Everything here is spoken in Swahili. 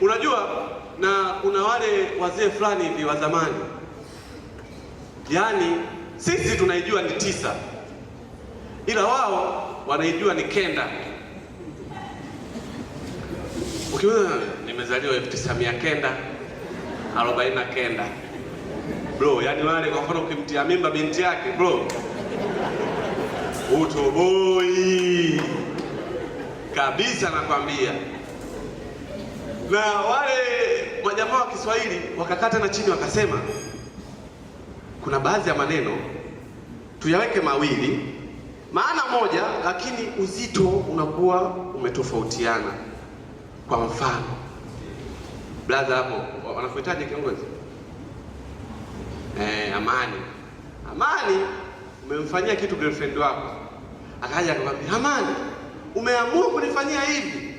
Unajua, na kuna wale wazee fulani hivi wa zamani, yaani sisi tunaijua ni tisa, ila wao wanaijua ni kenda. Ukiona nimezaliwa elfu tisa mia kenda arobaini na kenda bro, yaani wale kwa mfano ukimtia mimba binti yake bro, utoboi kabisa, nakwambia na wale majamaa wa Kiswahili wakakata na chini wakasema, kuna baadhi ya maneno tuyaweke mawili, maana moja, lakini uzito unakuwa umetofautiana. Kwa mfano, brother, hapo wanakuhitaji kiongozi eh, amani amani, umemfanyia kitu girlfriend wako, akaja akamwambia amani, umeamua kunifanyia hivi